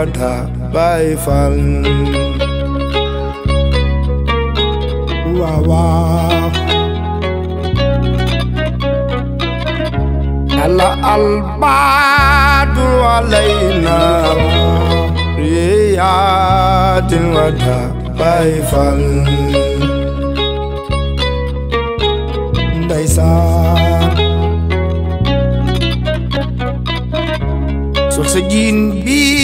Fanta Baifang Wawa Ala albadu alaina Riyatin wata Baifang Daisan Sulsegin bi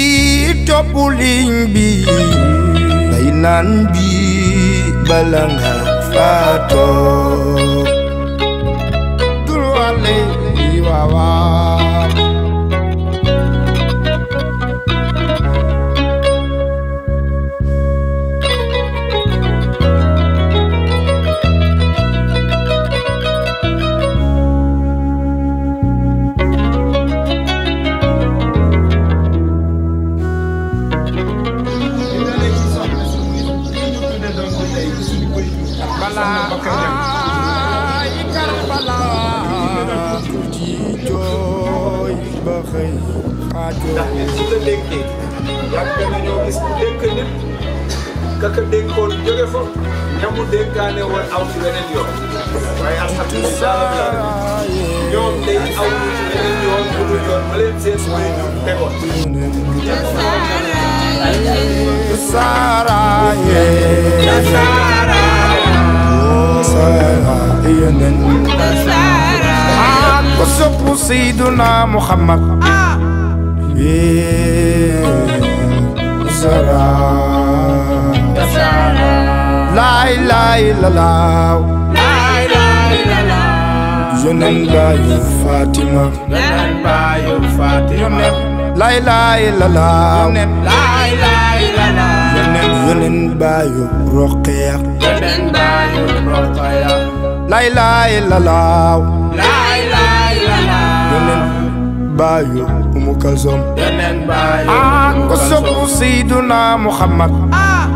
toppuling bi day bi bala nga faatoo dul wàlle dénkaane woon aw ci beneen yoon waaye alhamdulilah ñoom day aw ci beneen yoon bu dul yoon ba leen seen way ñu tegoon Saraye Saraye ko sopp Seydina Muhammad Saraye Saraye ilaha illallah la ilaha illallah yonen bayu fatima yonen bayu fatima la ilaha illallah yonen la ilaha illallah yonen yonen bayu roqeya yonen bayu roqeya la ilaha illallah la ilaha illallah yonen bayu umu kalsom yonen bayu ah ko sopp sayyiduna muhammad ah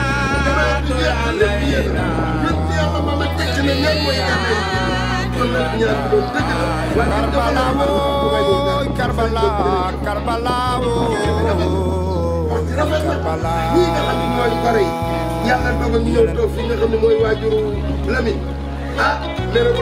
Karbala Karbala woo Karbala ñii nga xam ne mooy pare yi yàlla dogal ñëw toog fi nga xam ne mooy waajuru Lamine ah nee na ko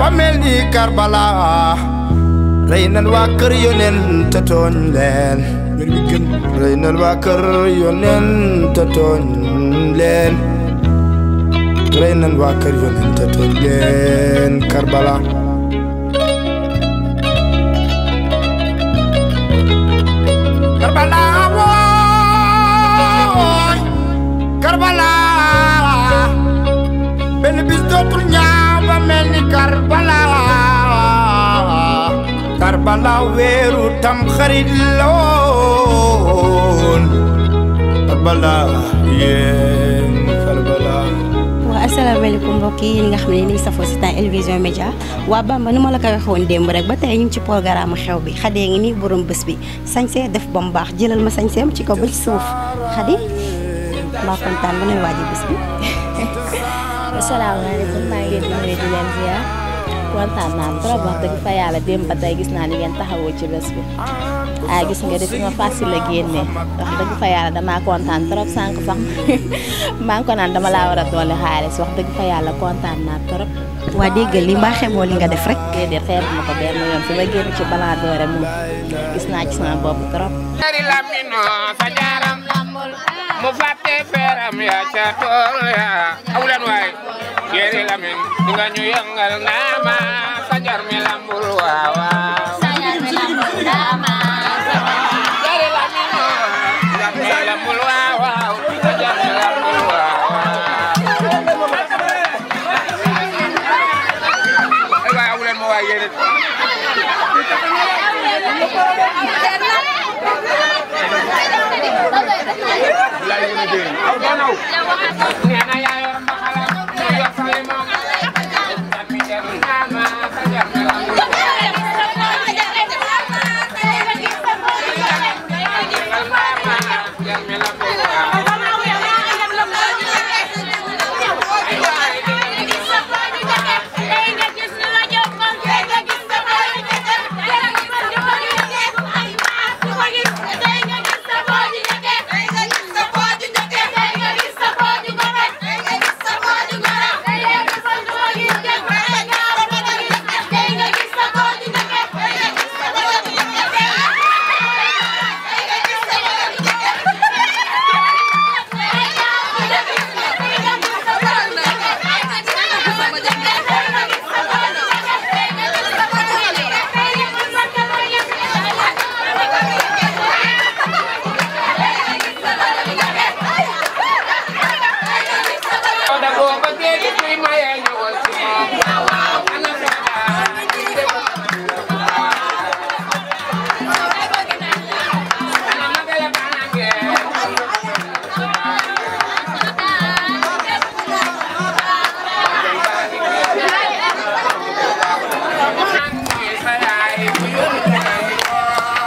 famel yi Karbala rey nan waa kër yonen te tooñ leen rey nan kër yonen te tooñ leen rey nan kër yonen te tooñ leen Karbala Karbala Karbala Karbala weeru tam xarit la woon Karbala yéen Karbala waa asalaamaaleykum mbokk yi nga xam ni safoo si temps Elvision Média wa Bamba numa la ka waxone demb rek ba tay ñu ci programme xew bi xade ngi ni borom bëss bi sañsee def bam baax jëlal ma am ci ko ba ci suuf xadi ma kontaan ba ne waji bëss bi assalamu alaykum ma ngi di ñëw di leen ziar kontaan naa trop wax dëgg fa yàlla démb ba tey gis naa ni ngeen taxawoo ci bés bi ah gis nga def ma facile la génnee wax dëgg fa yàlla damaa kontaan trop sànq sax maa ngi ko naan dama laa war a doole wax dëgg fa yàlla kontaan naa trop. waa dégg li mbaa xemoo li nga def rek. déedéet fi ma ci gis ci sama trop. mu ya ya kiri lamin yang nyuyenggal nama sajar milambul wawa sajar milambul nama kiri lamin dengan milambul wawa sajar milambul wawa eh ya boleh mau aja deh Lain ini. Kau tahu. Ini ya.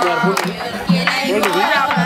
Obrigado.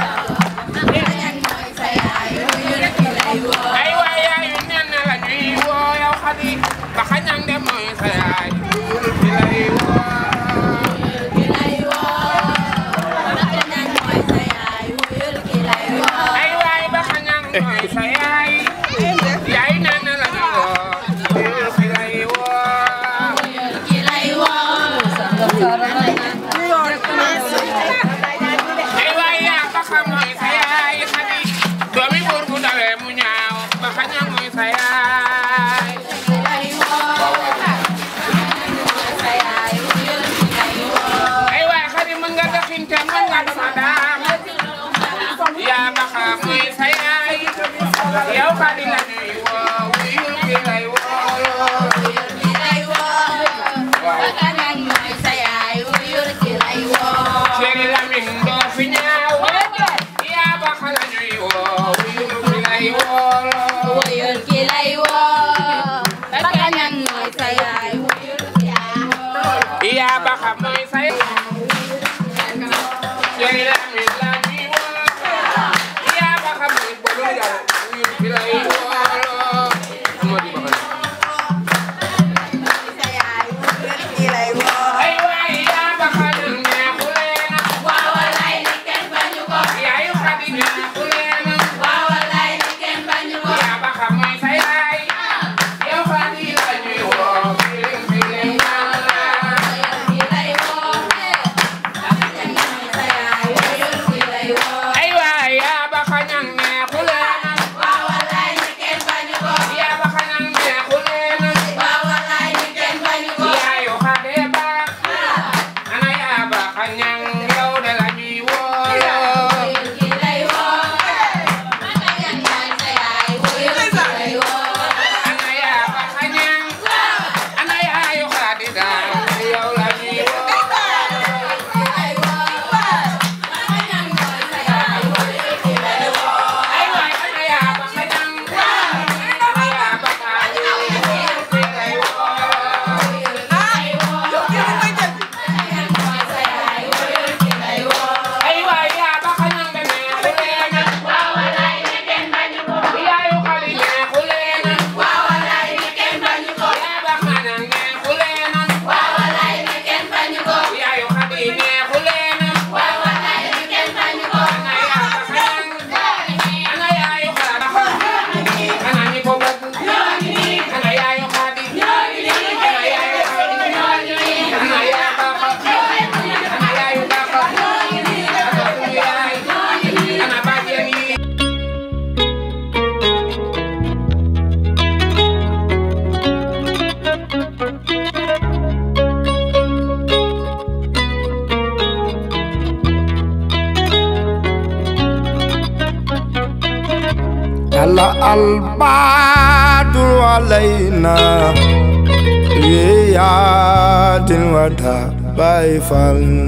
Ranta Baifang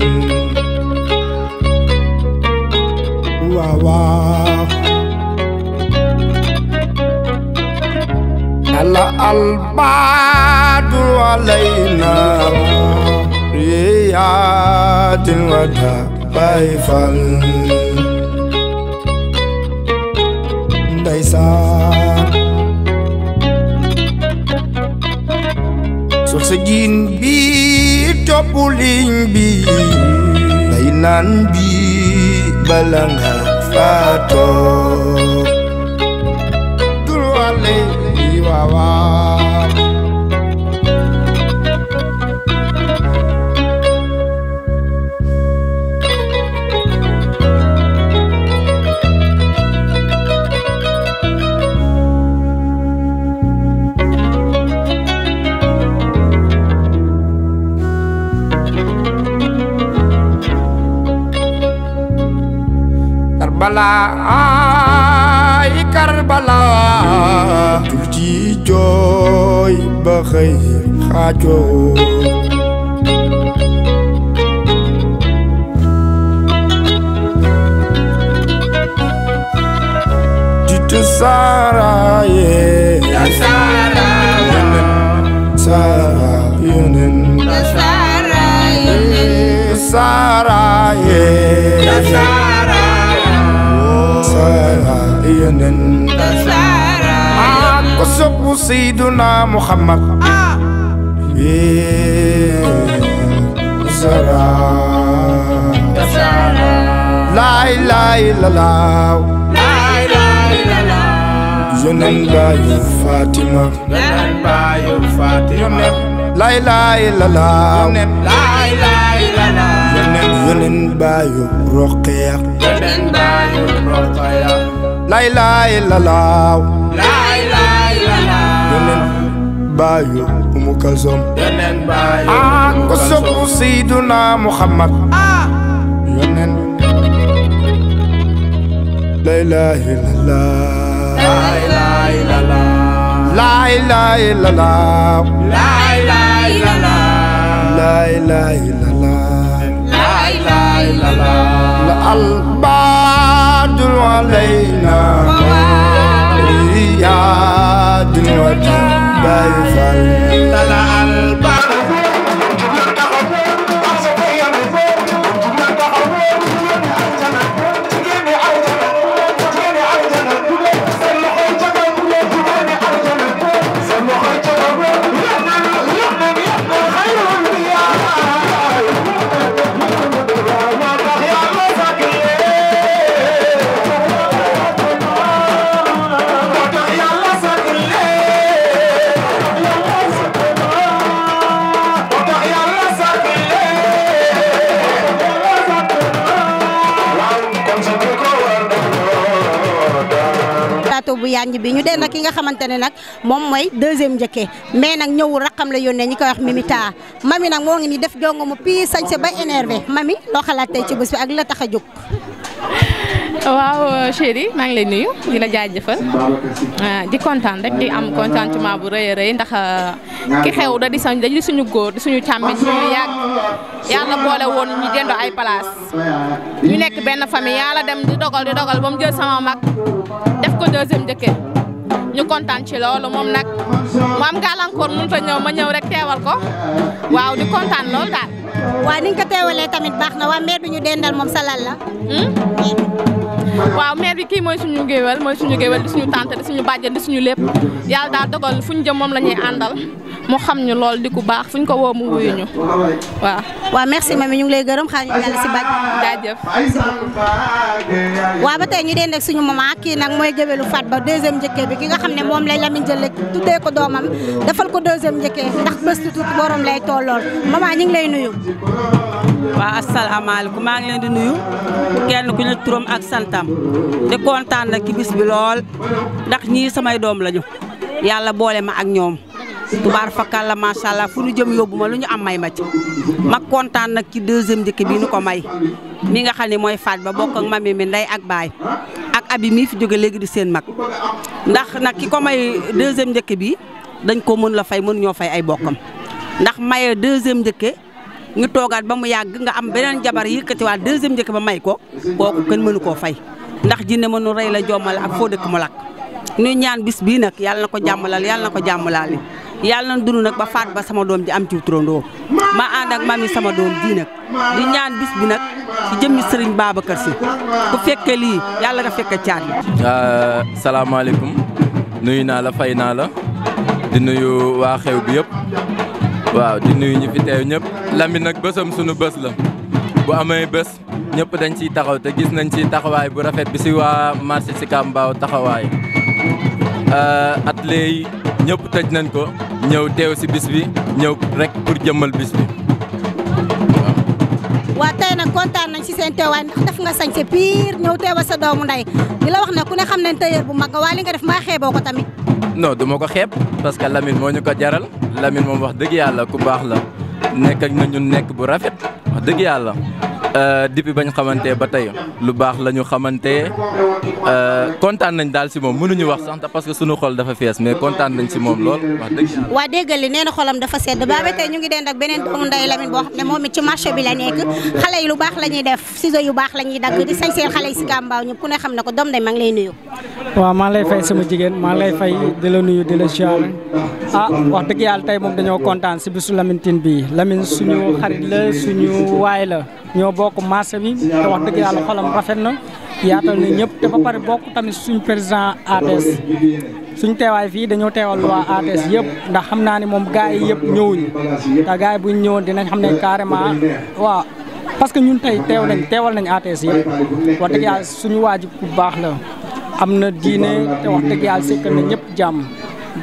Wawa Ala albadu alaina Riyatin wada Baifang Daisa, Sur ce bi. Copuling bi Bainan bi Balanga fato jooy ba xëy xaajoo jitu saara yee saara saara yonen saara yonen saara yee saara yonen saara yonen ko sopp Seydina Muhammad laay laay lalaaw laay laay lalaaw yonen baayu Fatima yonen Fatima laay laay lalaaw yonen laay laay lalaaw yonen yonen baayu Roqeya yonen baayu Roqeya laay laay lalaaw laay bayo umukazom yonen bayo ah ko sobu sayyiduna muhammad ah yonen la ilaha illallah la ilaha illallah la ilaha illallah la ilaha illallah la ilaha illallah la ilaha illallah la albadul alaina ya dunya Baye Fall bu yanj bi ñu den ak ki nga xamante ne nag moom mooy deuxième njëkkee mais nag ñëwul raqam la yónnee ñi koy wax Mimi Taa mami nag moo ngi ni def jongo mu pii sañse ba énervé mami loo xalaat tey ci bés bi ak la tax a jóg waaw chéri maa ngi lay nuyu di la jaajëfal ah, di kontaan rek di am contentement bu rëy a rëy ndax ah, ki xew da di sañ da suñu góor di suñu càmmiñ suñu yàgg yàlla boole woon ñu dendoo ay place ñu nekk benn famille yàlla dem di dogal di dogal ba mu jël sama mag def ko deuxième jëkkër ñu kontaan ci loolu moom nag mu am gàllankoor mënut a ma ñëw rek teewal ko waaw di kontaan loolu daal. waaw ni nga tamit baax na waa maire bi ñu dendal moom sa la. Hmm? waaw maire bi kii mooy suñu géwél mooy suñu géwél di suñu tante di suñu bàjjen di suñu lépp yàlla daal dogal fu ñu jëm moom la àndal mu xam ñu lool di ku baax fu ñu ko woo mu waaw. waaw merci mami ñu ngi lay gërëm xaar ñu jàll si bàjj. jaajëf. waaw ba tey ñu deen ak suñu maman kii nag mooy géwélu Fat Ba deuxième njëkkee bi ki nga xam ne moom lay Lamine jël tuddee ko doomam defal ko deuxième njëkkee ndax bés tuuti borom lay tollool maman ñu ngi lay nuyu. waaw asalaamaaleykum maa ngi leen di nuyu kenn ku itam te kontaan nag ci bis bi lool ndax ñii samay doom lañu yàlla boole ma ak ñoom tubaar fakkal la macha allah fu ñu jëm yóbbu ma lu ñu am may ma ci ma kontaan nag ci deuxième njëkk bi nu ko may mi nga xam ne mooy faat ba bokk ak mami mi ndey ak baay ak abi mii fi jóge léegi di seen mag ndax nag ki ko may deuxième njëkk bi dañ koo mën la fay mën ñoo fay ay bokkam ndax maye deuxième njëkke ñu toogaat ba mu yàgg nga am beneen jabar yëkkatiwaat deuxième njëkk ba may ko kooku kenn mënu koo fay ndax jinne mënu rey la jommal ak foo dëkk mu lakk ñu ñaan bis bii nag yàlla na ko jàmmalal yàlla na ko jàmmalaale yàlla na dund nag ba faat ba sama doom ji am ci turandoo ma ànd ak mami sama doom ji nag di ñaan bis bi nag ci jëmmi sëriñ Babacar si ku fekke lii yàlla nga fekke caat yi salaamaaleykum nuyu naa la fay naa la di nuyu waa yëpp waaw di nuyu ñi fi teew ñëpp Lamine nag bésam sunu bés la bu amee bés ñëpp dañ ciy taxaw te gis nañ ci taxawaay bu rafet bi si waa marché Sicap Mbao taxawaay euh, atelier yi ñëpp tëj nañ ko ñëw teew si bis bi ñëw rek pour jëmmal bis kontaan nañ si seen teewaay ndax def nga sañse pire ñëw teewa sa doomu nday di la wax ne ku ne xam nañ tailleur bu mag waa li nga def maa xeeboo ko tamit non du ko xeeb parce que Lamine moo ñu ko jaral Lamine moom wax dëgg yàlla ku baax la nekk ak na ñun nekk bu rafet wax dëgg yàlla Euh, depuis bañ xamante ba tey lu baax la ñu xamante euh, kontaan nañ daal si moom mënuñu wax sax parce que suñu xol dafa fees mais kontaan nañ si moom lool wax dëgg. waa déggal li nee na xolam dafa sedd ba tey ñu ngi dee ak beneen doomu nday Lamine boo xam ne moom it ci marché bi la nekk xale yi lu baax la ñuy def ciseaux yu baax la ñuy dagg di sañ xale yi si Kambaaw ñëpp ku ne xam na ko doom day maa lay nuyu. waaw maa lay fay sama jigéen maa ngi lay fay di la nuyu la ziar ah, dëgg yàlla tey moom dañoo kontaan si bisu Lamine bii Lamine suñu waay la ñoo bokk marché bi te wax dëgg yàlla xolam rafet na yaatal na ñëpp te ba pare bokk tamit suñu président ATS suñ teewaay fii dañoo teewal waa ATS yëpp ndax xam naa ne moom gars yi yëpp ñëwuñu te gars yi buñ ñëwoon dinañ xam ne carrément waaw parce que ñun tey teew nañ teewal nañ ATS yëpp wax dëgg suñu waajib bu baax la am na diine te wax dëgg yàlla sekkal na ñëpp jàmm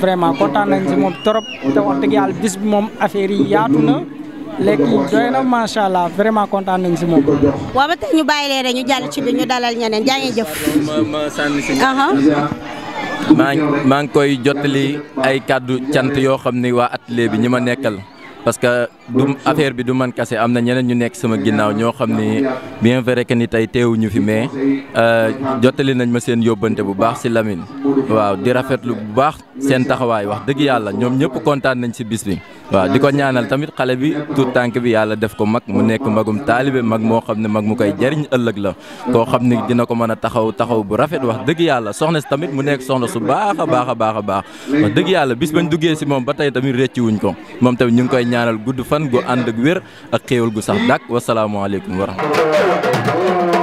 vraiment kontaan nañ si moom trop te wax dëgg yàlla bis bi moom affaire yi yaatu na lekk yi doy na macha allah vraiment kontaan nañ si moom. waaw ba tey ñu bàyyi leen ñu jàll ci bi ñu dalal ñeneen jaa ngi jëf. maa maa ngi koy jottali ay kàddu cant yoo xam ni waa at bi ñi ma nekkal parce du affaire bi du man kase am na ñeneen ñu nekk sama ginnaaw ñoo xam ne bien vrai que ni tey teewu ñu fi mais euh, jottali nañ ma seen yóbbante bu baax si Lamine waaw di rafetlu bu baax seen taxawaay wax dëgg yàlla ñoom ñëpp kontaan nañ si bis bi waaw di ko ñaanal tamit xale bi tuut tànk bi yàlla def ko mag mu nekk magum taalibe mag moo xam ne mag mu koy jariñ ëllëg la koo xam ne dina ko mën a taxaw taxaw bu rafet wax dëgg yàlla soxna si tamit mu nekk soxna su baax a baax baax a baax wax yàlla bis bañ duggee si moom ba tey tamit récciwuñ ko fan gu ànd ak wér ak xéewal gu sax dàkk wasalaamaaleykum wa rahmatulah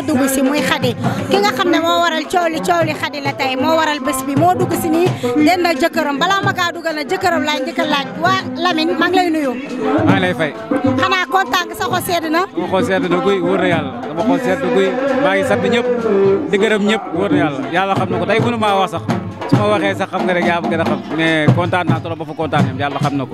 fa dugg si muy xadi ki nga xam ne moo waral coow li xadi la tey moo waral bés bi moo dugg si nii den ak jëkkëram balaa ma kaa dugal na jëkkëram laaj njëkk a laaj waa Lamine maa ngi lay nuyu. maa lay fay. xanaa kontaan sa xol sedd na. sama xol sedd na guy na yàlla sama xol sedd na guy maa ngi sant ñëpp di gërëm ñëpp wóor na yàlla yàlla xam na ko tey mënu maa wax sax. ma waxee sax xam nga rek yaa ma gën a xam mais kontaan naa trop ba fa kontaan ñoom xam na ko.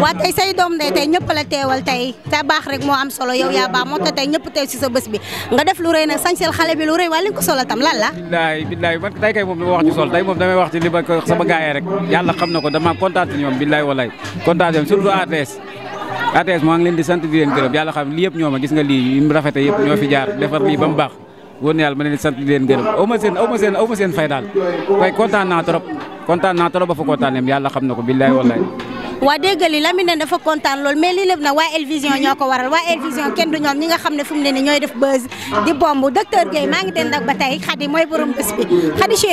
waa say doom day tey ñëpp la teewal tey sa baax rek moo am solo yow yaa baax moo tax tey ñëpp teew si sa bés bi nga def lu rëy nag sañsel xale bi lu rëy waaye li nga ko solal tam lan la. billaay billaay man tey kay moom li ma wax ci sol tey moom damay wax ci li ma ko sama gars rek yàlla xam na dama kontaan ci ñoom billaay walaay kontaan surtout ATS ATS maa ngi leen di sant di leen gërëm yàlla xam lii yëpp ñoom a gis nga lii rafete yëpp ñoo jaar defar lii ba mu woon yàlla ma leen sant di leen gërëm aw ma kontaan naa kontaan naa trop ba fa kontaanee yàlla xam na ko billaay wallaay. waa dégg nga lii Lamine dafa kontaan lool mais lii lépp waa El ñoo ko waral waa El Vision ñoom ñi nga xam ne fu mu ne nii ñooy def buzz di bomb docteur Guèye maa ngi dend ak ba tey Khady mooy borom bés bi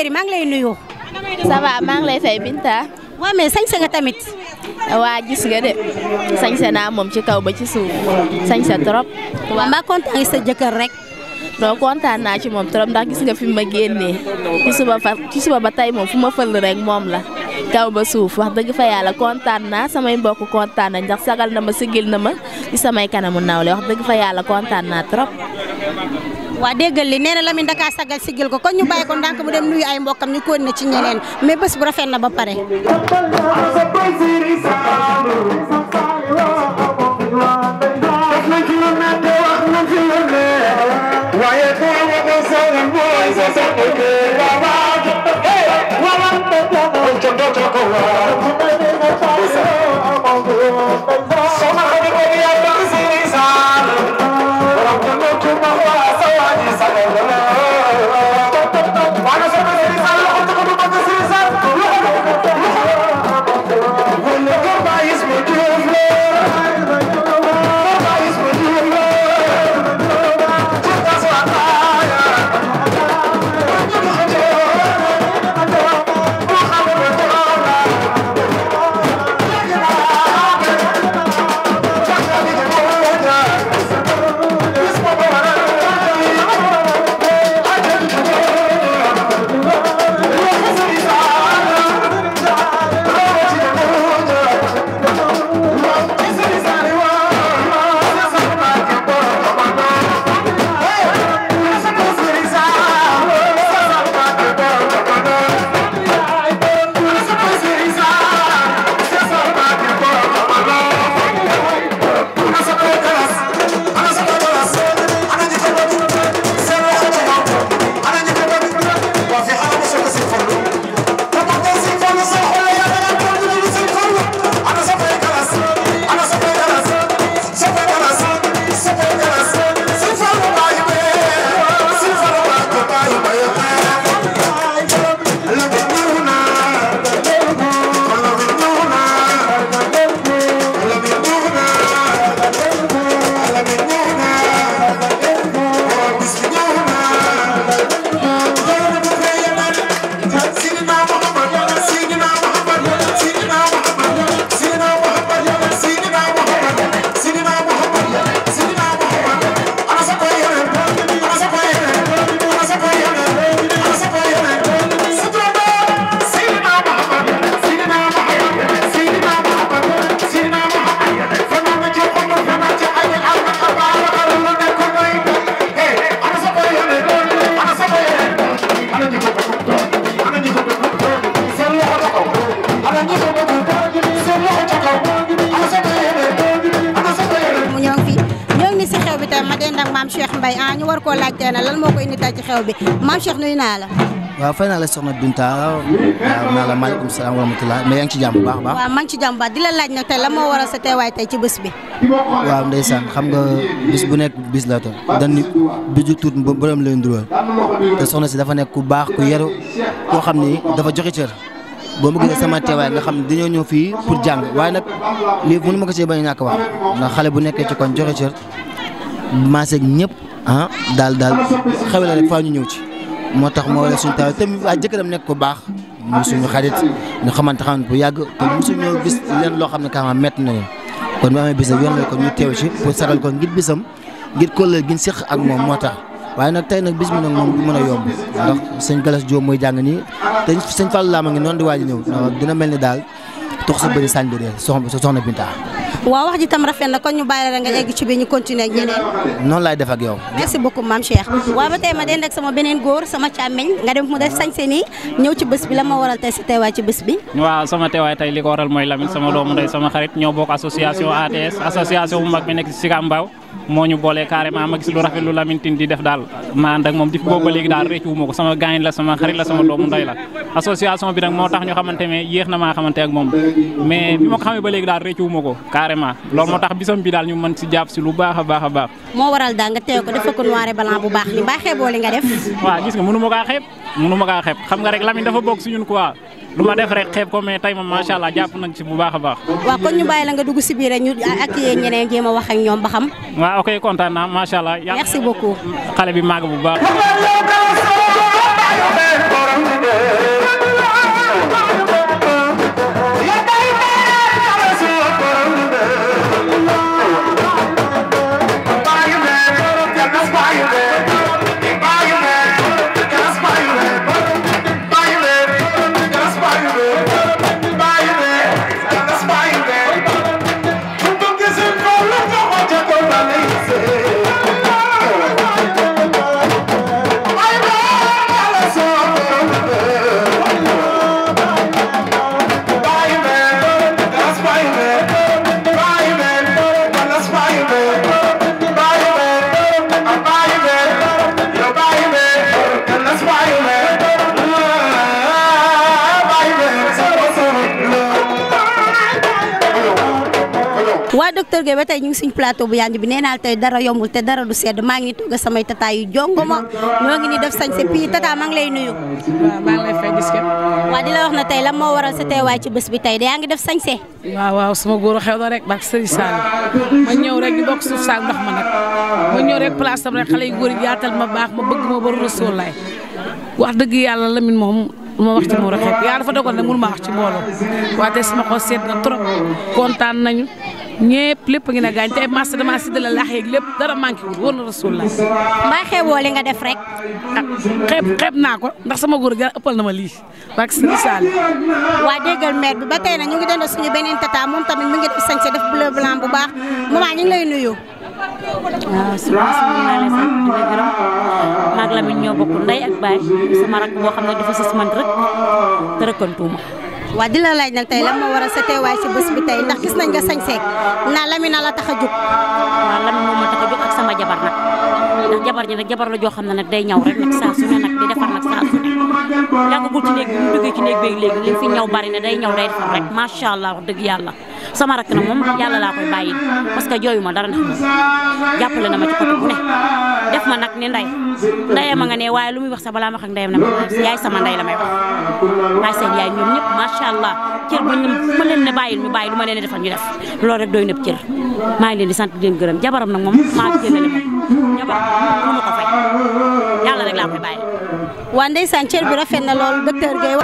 maa ngi lay nuyu. ça maa ngi lay fay Binta. waaw mais sañse nga tamit. waa gis naa moom ci kaw ba ci suuf sañse trop. waaw maa rek. non kontaan naa ci moom trop ndax gis nga fi ma génnee ci suba fa ci suba ba tey moom fu ma fël rek moom la kaw ba suuf wax dëgg fa yàlla kontaan naa samay mbokk kontaan nañ ndax sagal na ma sigil na ma ci samay kanamu nawle wax dëgg fa yàlla kontaan naa trop. waa déggal li nee la mi da sagal siggil ko kon ñu bàyyi ko ndànk mu dem nuyu ay mbokkam ñu ko na ci ñeneen mais bés bu rafet na ba pare. ويكون مصر المعز صدق الرعد ومن تدعو جدتك Thank you. la soxna Binta waaw naa la maaleykum salaam wa rahmatulah mais ngi ci jàmm bu baax baax. waaw maa ngi ci jàmm bu baax di la laaj nag tey la moo waral teewaay tey ci bés bi. waaw ndeysaan xam nga bis bu nekk bis la toll dañ ni biju tuut borom leen dural te soxna si dafa nekk ku baax ku yaru koo xam ni dafa joxe cër. boo ma gisee sama teewaay nga xam ne dañoo ñëw fii pour jàng waaye nag lii mënu ma ko see bañ a ñàkk wax ndax xale bu nekkee ci kon joxe cër maase ak ñëpp ah daal ñu ñëw ci. moo tax moo waral suñu taal tamit waa nekk ko baax mu suñu xarit ñu xamante xamante bu yàgg te mosuñu gis leen loo xam ne kaama mett nañu kon bu amee bisam yoon la ko ñu teew ci pour saral ko ngir bisam ngir kóllal gi séq ak moom moo tax waaye nag tey nag bis mi nag moom du mën a yomb ndax sëñ Galas Diop mooy jàng nii te sëñ Fallou Lama ngi noon di waaj ñëw dina mel ni daal tox sa bëri sañ bi dee soxna soxna waaw wax ji tam rafet na kon ñu bàyyi la nga egg ci bi ñu continuer ak ñeneen. noonu laay def ak yow. merci bokk maam Cheikh. waaw ba tey ma dend ak sama beneen góor sama càmmeñ nga dem mu def sañse nii ñëw ci bés bi la ma waral tey sa teewaay ci bés bi. waaw sama teewaay tey li ko waral mooy Lamine sama doomu ndey sama xarit ñoo bokk association ATS association bu mag bi nekk si Sika Mbao moo ñu boole carrément ma gis lu rafet lu Lamine di def daal ma ànd ak moom di boobu ba léegi daal réccuwuma ko sama gaañ la sama xarit la sama doomu ndoy la association bi nag moo tax ñu xamante ne yéex na maa xamante ak moom mais bi ma ko xamee ba léegi daal réccuwuma ko carrément loolu moo tax bisam bi daal ñu mën si jàpp si lu baax a baax a baax moo waral daal nga teew ko def ko noir et bu baax ni mbaa xeeboo li nga def waaw gis nga mënu ma lu ma def rek xeeb ko mais tey moom macha allah jàpp nañ ci bu baax a baax. waaw kon ñu bàyyi la nga dugg si biir rek ñu ak yéen ñeneen jéem a wax ak ñoom ba xam. waaw ok kontaan naa macha allah. merci beaucoup xale bi maag bu baax. jógee ba tey ñu ngi suñ plateau bu yanj bi nee naa tey dara yombul te dara du sedd maa ngi toog samay tata yu jongoma ñoo ngi ni def sañ sa pii tata maa ngi lay nuyu. waaw maa ngi lay fay gis waaw la moo waral sa teewaay ci bés bi tey de yaa ngi def sañ see. waaw waaw sama góor xew na rek barke Sëriñ ma ñëw rek ñu bokk suuf saal ndox ma nag ma ñëw rek place tam rek xale yu góor yi yaatal ma baax ma bëgg ma bëri rasul laay wax dëgg yàlla la moom lu ma wax ci moom rek yaa ci mbooloo waaye na trop kontaan ñepp lepp ngi na gañ tay mas dama de la lahi lepp dara manki wul won rasulullah ba xewo li nga def rek xeb xeb nako ndax sama goor ga eppal na ma li bak sunu sal wa degal maire bi ba tay na ñu ngi dendo suñu benen tata mom tamit mu ngi def sañse def bleu blanc bu baax mama ñu ngi lay nuyu waaw suma di la gërëm maag sama waa di la laaj nag tey lan waral sa teewaay si bés bi tey ndax gis nañ nga sañseeg naa Lamine la tax a jóg. waaw Lamine moom ma tax a jóg ak sama jabar nag jabar ji nag jabar la joo xam ne nag day ñaw rek nag saa su ne nag di defar nag saa su ne yàggagul ci néeg bi mu duggee ci néeg bi léegi li fi ñaw bari ne day ñaw day rek macha allah dëgg yàlla. sama rak na yalla yàlla laa koy bàyyi parce que joyuma dara na moom jàppale na ma ci côté bu ne def ma nak ni nday ndayam a nga ne way lu muy wax sa bala ma xak ak na yaay sama nday la may wax ma seen yaay ñep ma sha allah ci bu ñu ma leen ne bàyyil ñu bàyyi luma leen defal ñu def lool rek doy na ci ma leen di sante di leen gërëm jabaram nak mom ma ci leen ma jabaram mu ko fay yalla rek la koy bàyyi waa ndeysaan bi rafet na loolu docteur Gueye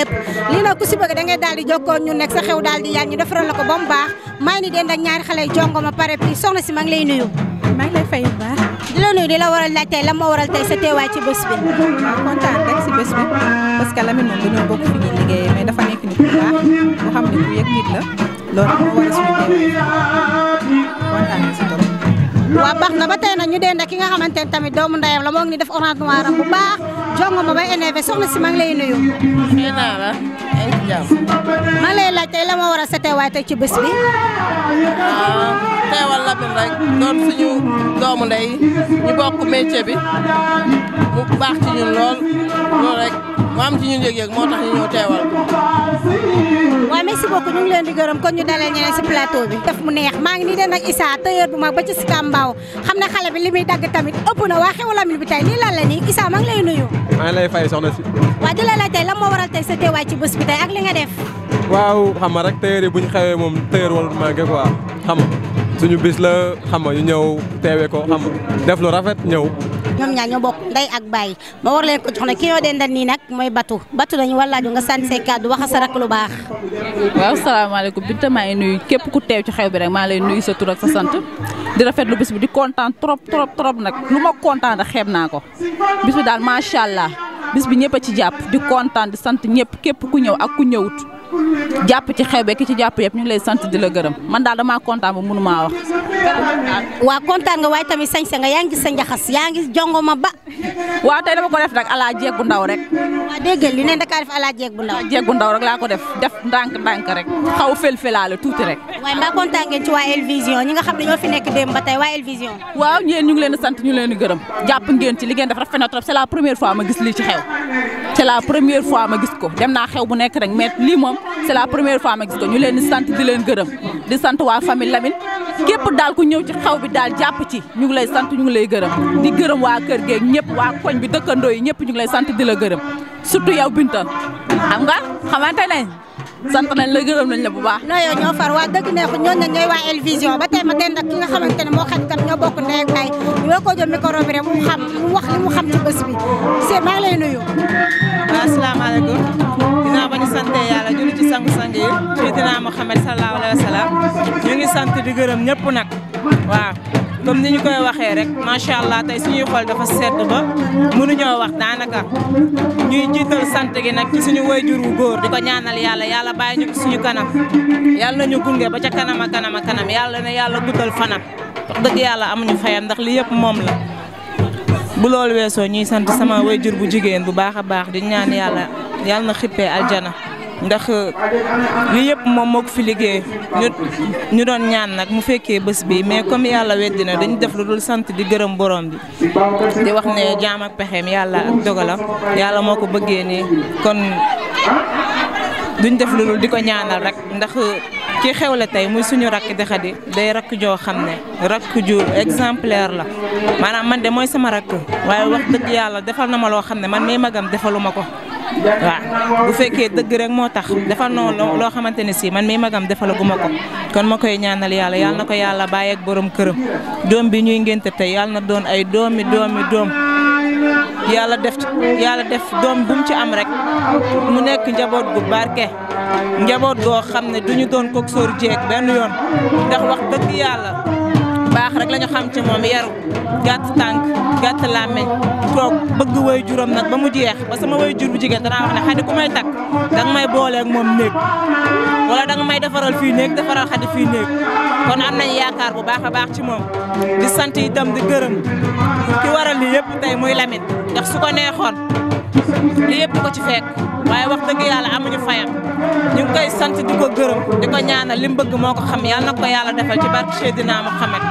lepp li nag ku si bëgg da ngay dal di joko ñu nek sa xew dal di yañu defal la ko ba baax maa ngi ak ñaari xalé jongo ma pare puis soxna si ma ngi lay nuyu. ma ngi lay fay ba di la nuyu di la waral la tay la moo waral tay sa teewaay ci bëss bi. waaw rek ci bëss bi parce que Lamine moom dañoo bokk fi ñuy liggéeyee mais dafa nek nit bu baax xam ni ku yek nit la loolu moo war ci teewaay kontaan na ba tay na ñu dend ki nga xamantene tamit doomu ndayam la mo ngi def orange noir bu baax. jongo ma bay énervé soxna si maa ngi lay nuyu. nuyu naa la ay jàmm. maa ma war a setee waay ci bés bi. ah teewal Lamine rek doon suñu doomu ndey ñu bokk métier bi baax ci lool lool rek. mu am ci ñun yëg-yëg moo tax ñu ñëw teewal ko. waaw merci beaucoup ñu leen di gërëm kon ñu dalal ñeneen si plateau bi. def mu neex maa ngi nii den ak Issa tailleur bu mag ba ci Sicap xam ne xale bi li muy dagg tamit ëpp na waa xewu Lamine bi tey lii lan nii Issa maa ngi lay nuyu. maa ngi lay fay soxna si. waaw di la laaj tey moo waral tey sa teewaay ci bés bi ak li nga def. waaw xam nga rek tailleur bu ñu xewee moom tailleur warul manqué quoi xam nga suñu bis la xam nga ñu ñëw teewee ko xam nga def lu rafet ñëw ñoom ñaar ñoo bokk ndey ak baay ma war leen ko jox ne ki ñoo dendal nii nag mooy Batu Batu dañu war laaju nga sant say kàddu wax sa rak lu baax. waaw salaamaaleykum Binta maa ngi nuyu képp ku teew ci xew bi rek maa lay nuyu sa tur sa sant di rafetlu bis bi di kontaan trop trop trop nag lu ma kontaan rek xeeb naa ko bis bi daal macha allah bis bi ñëpp a ci jàpp di kontaan di sant ñëpp képp ku ñëw ak ku ñëwut. jàpp ci xew be ki ci jàpp yëpp ñu ngi lay sant di la gërëm man daal damaa kontaan ba mënu maa wax. waaw kontaan nga waaye tamit sañse nga yaa ngi gis sa njaxas yaa ngi jongo ma ba. waaw tey dama ko def nag ala ndaw rek. waaw li ne da kaa def ala jeeg bu ndaw. ala laa ko def def ndànk-ndànk rek xaw fel-felaale tuuti rek. waaye mbaa kontaan ngeen ci waa El ñi nga xam ne ñoo fi nekk démb ba tey waa El waaw ñu ngi leen sant ñu leen di gërëm jàpp ngeen ci li ngeen def rafet na trop c'est la première fois ma gis lii ci xew c'est la fois ma gis ko dem naa xew bu nekk rek c'est la première fois ma gis ko ñu leen di sant di leen gërëm di sant waa famille Lamine képp daal ku ñëw ci xaw bi daal jàpp ci ñu ngi lay sant ñu lay gërëm di gërëm waa kër geeg ñëpp waa koñ bi dëkkandoo yi ñëpp ñu ngi lay sant di la gërëm surtout yow Binta xam nga xamante nañ sant nañ la gërëm nañ la bu baax. non yow ñoo far waa dëgg neexu ñoo ne ñooy waa El Vision ba tey ma den ak ki nga xamante moo xam kat ñoo bokk ndey ak ay ko jël micro bi rek mu ginnaaw ba ñu santee yàlla julli ci sangu-sang yi Seydina Muhammad sallallahu alayhi wa salaam ñu ngi sant di gërëm ñëpp nag waaw comme ni ñu koy waxee rek macha allah tey suñuy xool dafa sedd ba mënuñoo wax daanaka ñuy jiital sant gi nag ci suñu wayjur wu góor di ko ñaanal yàlla yàlla bàyyi ñu suñu kanam yàlla ñu gunge ba ca kanam a kanam a kanam yàlla ne yàlla guddal fanam wax dëgg yàlla amuñu fayam ndax li yëpp moom la bu loolu weesoo ñuy sant sama jur bu jigéen bu baax a baax di ñaan yàlla yàlla na xippee aljana ndax li euh, yëpp moom moo fi liggéey ñu doon ñaan nag mu fekkee bés bi mais comme yàlla weddi na dañu def lu dul sant di gërëm borom bi di wax ne jaam ak pexeem yàlla ak dogalam yàlla moo ko bëggee nii kon duñ def lu dul di ko ñaanal rek ki xewle tey muy suñu rakk de xadi day rakk joo xam ne rakk ju exemplaire la maanaam man de mooy sama rakk waaye wax dëgg yàlla defal na ma loo xam ne man mii magam defalu ma ko waaw bu fekkee dëgg rek moo tax defal na loo xamante ne si man mii magam ma ko kon ma koy ñaanal yàlla yàlla na ko yàlla bàyyeeg borom këram doom bi ñuy ngénte tey yàlla na doon ay doomi doomi doom yàlla def yàlla def doom bu ci am rek mu nekk njaboot gu barke njaboot goo xam ne duñu doon kog sóor jeeg benn yoon ndax wax dëgg yàlla baax rek la ñu xam ci moom yaru gàtt tànk gàtt làmmeñ toog bëgg way juram nag ba mu jeex ba sama way jur bu jigéen danaa wax ne xadi ku may takk danga may booleeg moom néeg wala danga may defaral fii néeg defaral xadi fii néeg kon am nañ yaakaar bu baax a baax ci moom di sant itam di gërëm ki waral li yëpp tey muy Lamine ndax su lépp ko ci fekk waaye wax dëgg yàlla amuñu fayam ñu ngi koy sant di ko gërëm di ko ñaanal li mu bëgg moo ko xam yàlla na ko yàlla defal ci barke Seydina Muhammad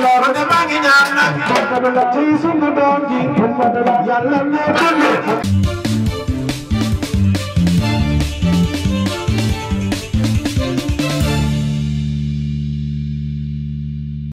man de maa ngi ñaan nag ci sunu doom ji yàlla na